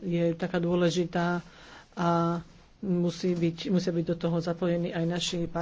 je taká dôležitá a musí byť, musia byť do toho zapojení aj naši